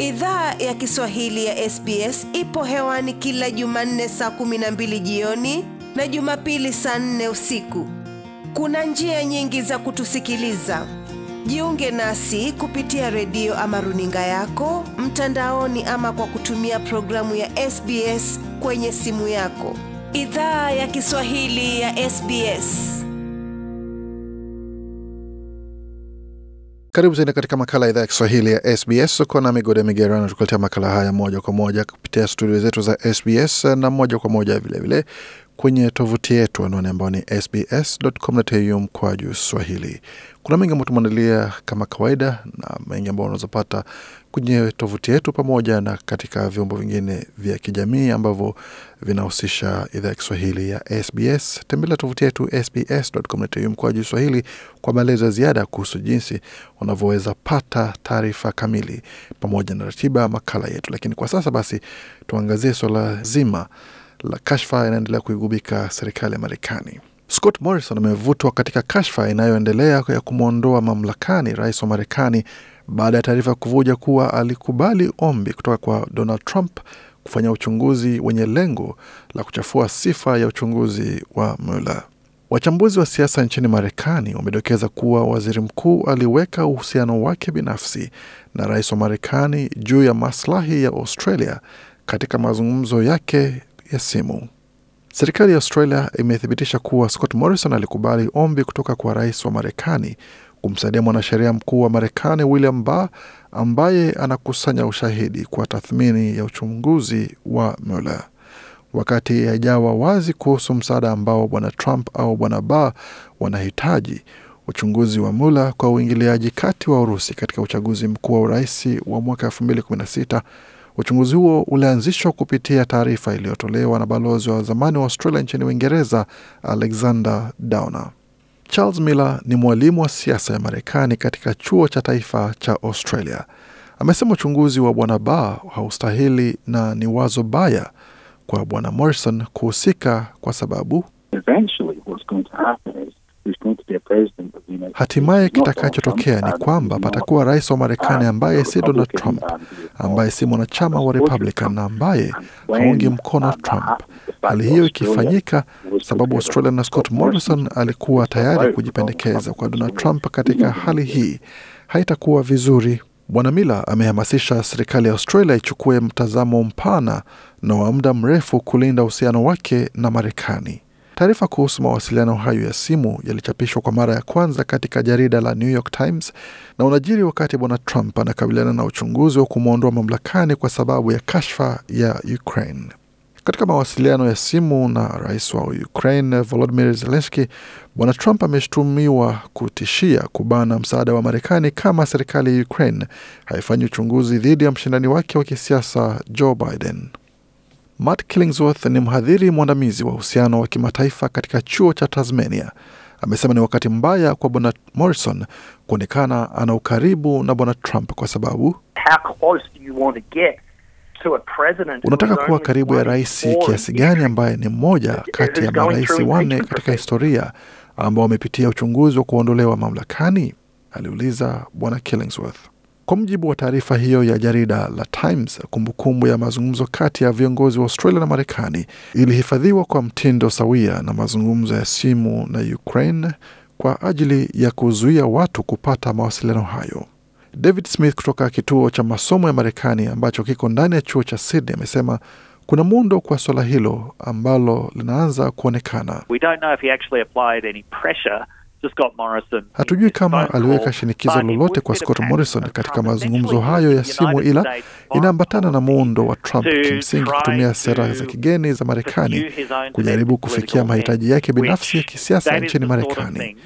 Idhaa ya Kiswahili ya SBS ipo hewani kila Jumanne saa 12 jioni na Jumapili saa 4 usiku. Kuna njia nyingi za kutusikiliza. Jiunge nasi kupitia redio ama runinga yako mtandaoni, ama kwa kutumia programu ya SBS kwenye simu yako. Idhaa ya Kiswahili ya SBS. Karibu tena katika makala ya idhaa ya Kiswahili ya SBS. Uko na Migode Migerano tukuletea makala haya moja kwa moja kupitia studio zetu za SBS na moja kwa moja vilevile vile kwenye tovuti yetu, anwani ambao ni sbs.com.au mkwaju swahili. Kuna mengi ambayo tumeandalia kama kawaida na mengi ambayo unaweza pata kwenye tovuti yetu pamoja na katika vyombo vingine vya kijamii ambavyo vinahusisha idhaa ya Kiswahili ya SBS. Tembelea tovuti yetu sbs.com.au mkoaji Swahili kwa maelezo ya ziada kuhusu jinsi unavyoweza pata taarifa kamili pamoja na ratiba makala yetu. Lakini kwa sasa basi, tuangazie suala zima la kashfa inaendelea kuigubika serikali ya Marekani. Scott Morrison amevutwa katika kashfa inayoendelea ya kumwondoa mamlakani rais wa Marekani baada ya taarifa kuvuja kuwa alikubali ombi kutoka kwa Donald Trump kufanya uchunguzi wenye lengo la kuchafua sifa ya uchunguzi wa Mueller. Wachambuzi wa siasa nchini Marekani wamedokeza kuwa waziri mkuu aliweka uhusiano wake binafsi na rais wa Marekani juu ya maslahi ya Australia katika mazungumzo yake ya simu. Serikali ya Australia imethibitisha kuwa Scott Morrison alikubali ombi kutoka kwa rais wa Marekani kumsaidia mwanasheria mkuu wa Marekani William Barr ambaye anakusanya ushahidi kwa tathmini ya uchunguzi wa Mueller. Wakati haijawa wazi kuhusu msaada ambao bwana Trump au bwana Barr wanahitaji, uchunguzi wa Mueller kwa uingiliaji kati wa Urusi katika uchaguzi mkuu wa urais wa mwaka 2016. Uchunguzi huo ulianzishwa kupitia taarifa iliyotolewa na balozi wa zamani wa Australia nchini Uingereza, Alexander Downer. Charles Miller ni mwalimu wa siasa ya Marekani katika chuo cha taifa cha Australia. Amesema uchunguzi wa bwana ba haustahili na ni wazo baya kwa bwana Morrison kuhusika kwa sababu hatimaye kitakachotokea ni uh, kwamba patakuwa rais wa Marekani uh, ambaye si Donald Trump, uh, ambaye si mwanachama wa Republican na ambaye haungi mkono Trump hali hiyo ikifanyika, sababu Australia na Scott Morrison alikuwa tayari kujipendekeza kwa Donald Trump katika hali hii, haitakuwa vizuri. Bwana Miller amehamasisha serikali ya Australia ichukue mtazamo mpana na wa muda mrefu kulinda uhusiano wake na Marekani. Taarifa kuhusu mawasiliano hayo ya simu yalichapishwa kwa mara ya kwanza katika jarida la New York Times na unajiri wakati bwana Trump anakabiliana na uchunguzi wa kumwondoa mamlakani kwa sababu ya kashfa ya Ukraine. Katika mawasiliano ya simu na rais wa Ukraine Volodimir Zelenski, Bwana Trump ameshutumiwa kutishia kubana msaada wa Marekani kama serikali ya Ukraine haifanyi uchunguzi dhidi ya mshindani wake wa kisiasa Joe Biden. Matt Killingsworth ni mhadhiri mwandamizi wa uhusiano wa kimataifa katika chuo cha Tasmania. Amesema ni wakati mbaya kwa bwana Morrison kuonekana ana ukaribu na bwana Trump kwa sababu How close do you want to get? Unataka kuwa karibu ya rais kiasi gani ambaye ni mmoja kati ya marais wanne katika historia ambao wamepitia uchunguzi wa kuondolewa mamlakani? aliuliza Bwana Killingsworth. Kwa mujibu wa taarifa hiyo ya jarida la Times, kumbukumbu ya mazungumzo kati ya viongozi wa Australia na Marekani ilihifadhiwa kwa mtindo sawia na mazungumzo ya simu na Ukraine kwa ajili ya kuzuia watu kupata mawasiliano hayo. David Smith kutoka kituo cha masomo ya Marekani ambacho kiko ndani ya chuo cha Sydney amesema kuna muundo kwa suala hilo ambalo linaanza kuonekana. We don't know if he actually applied any pressure Hatujui kama aliweka shinikizo lolote kwa Scott Morrison katika mazungumzo hayo ya simu, ila inaambatana na muundo wa Trump kimsingi kutumia sera za kigeni za Marekani kujaribu kufikia mahitaji yake binafsi ya kisiasa nchini Marekani.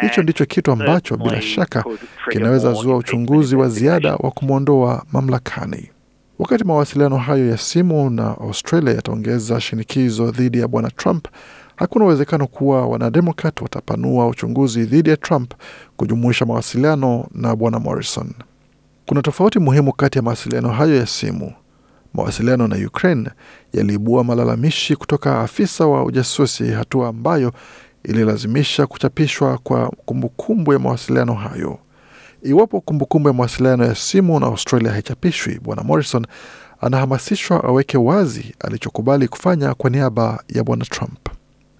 Hicho ndicho kitu ambacho bila shaka kinaweza zua uchunguzi wa ziada wa kumwondoa mamlakani. Wakati mawasiliano hayo ya simu na Australia yataongeza shinikizo dhidi ya bwana Trump, hakuna uwezekano kuwa wanademokrat watapanua uchunguzi dhidi ya Trump kujumuisha mawasiliano na bwana Morrison. Kuna tofauti muhimu kati ya mawasiliano hayo ya simu. Mawasiliano na Ukraine yaliibua malalamishi kutoka afisa wa ujasusi, hatua ambayo ililazimisha kuchapishwa kwa kumbukumbu ya mawasiliano hayo. Iwapo kumbukumbu ya mawasiliano ya simu na Australia haichapishwi, bwana Morrison anahamasishwa aweke wazi alichokubali kufanya kwa niaba ya bwana Trump.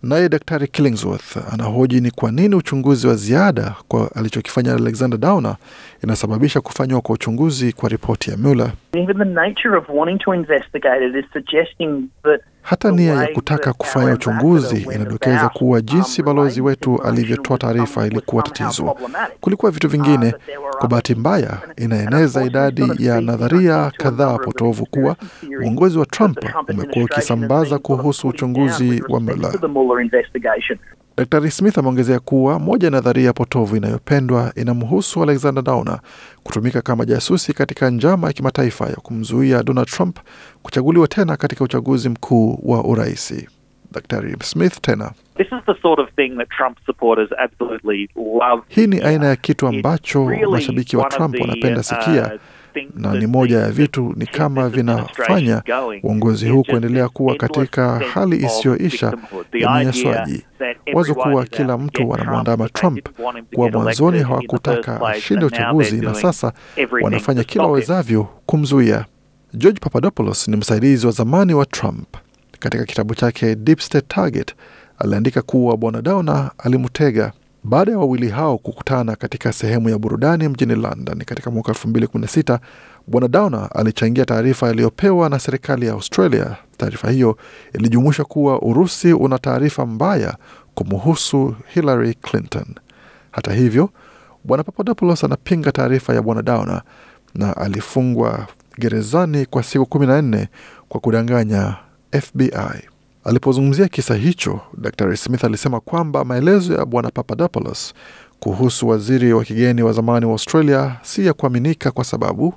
Naye Daktari Killingsworth anahoji ni kwa nini uchunguzi wa ziada kwa alichokifanya Alexander Downer inasababisha kufanywa kwa uchunguzi kwa ripoti ya Mueller. Even the nature of wanting to investigate it is suggesting that hata nia ya kutaka kufanya uchunguzi inadokeza kuwa jinsi balozi wetu alivyotoa taarifa ilikuwa tatizo. Kulikuwa vitu vingine. Uh, kwa bahati mbaya, inaeneza idadi ya nadharia kadhaa potovu kuwa uongozi wa Trump umekuwa ukisambaza kuhusu uchunguzi wa Mueller. Dr Smith ameongezea kuwa moja ya nadharia potovu inayopendwa inamhusu Alexander Downer kutumika kama jasusi katika njama ya kimataifa ya kumzuia Donald Trump kuchaguliwa tena katika uchaguzi mkuu wa uraisi. Dr Smith tena hii ni aina ya kitu ambacho really mashabiki wa Trump wanapenda uh, sikia na ni moja ya vitu ni kama vinafanya uongozi huu kuendelea kuwa katika hali isiyoisha ya mnyanyaswaji. Wazo kuwa kila mtu wanamwandama Trump kuwa mwanzoni hawakutaka ashinde uchaguzi na sasa wanafanya kila wawezavyo kumzuia. George Papadopoulos ni msaidizi wa zamani wa Trump. Katika kitabu chake Deep State Target aliandika kuwa bwana Downer alimtega baada ya wawili hao kukutana katika sehemu ya burudani mjini London katika mwaka sita Bwana Downer alichangia taarifa iliyopewa na serikali ya Australia. Taarifa hiyo ilijumuisha kuwa Urusi una taarifa mbaya kumuhusu Hillary Clinton. Hata hivyo, Bwana Papadopoulos anapinga taarifa ya Bwana Downer na alifungwa gerezani kwa siku 14 kwa kudanganya FBI. Alipozungumzia kisa hicho, Dr Smith alisema kwamba maelezo ya Bwana Papadopoulos kuhusu waziri wa kigeni wa zamani wa Australia si ya kuaminika kwa sababu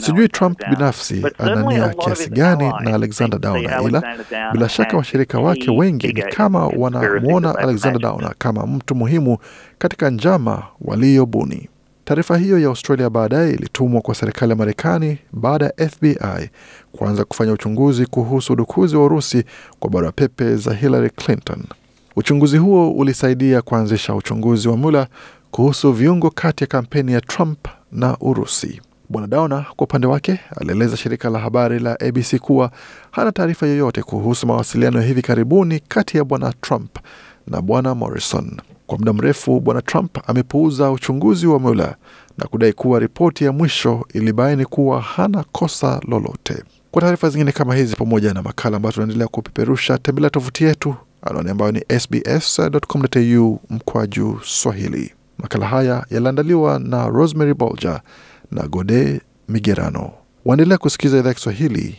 Sijui Trump binafsi anania kiasi gani na Alexander Downer, ila bila shaka washirika wake wengi ni kama wanamwona Alexander Downer kama mtu muhimu katika njama waliyobuni. Taarifa hiyo ya Australia baadaye ilitumwa kwa serikali ya Marekani baada ya FBI kuanza kufanya uchunguzi kuhusu udukuzi wa Urusi kwa barua pepe za Hillary Clinton. Uchunguzi huo ulisaidia kuanzisha uchunguzi wa mula kuhusu viungo kati ya kampeni ya Trump na Urusi. Bwana Downer kwa upande wake alieleza shirika la habari la ABC kuwa hana taarifa yoyote kuhusu mawasiliano ya hivi karibuni kati ya bwana Trump na bwana Morrison. Kwa muda mrefu Bwana Trump amepuuza uchunguzi wa Mueller na kudai kuwa ripoti ya mwisho ilibaini kuwa hana kosa lolote. Kwa taarifa zingine kama hizi pamoja na makala ambayo tunaendelea kupeperusha, tembelea tovuti yetu anwani ambayo ni sbs.com.au mkwaju Swahili. Makala haya yaliandaliwa na Rosemary Bolger na Gode Migerano. Waendelea kusikiliza idhaa ya Kiswahili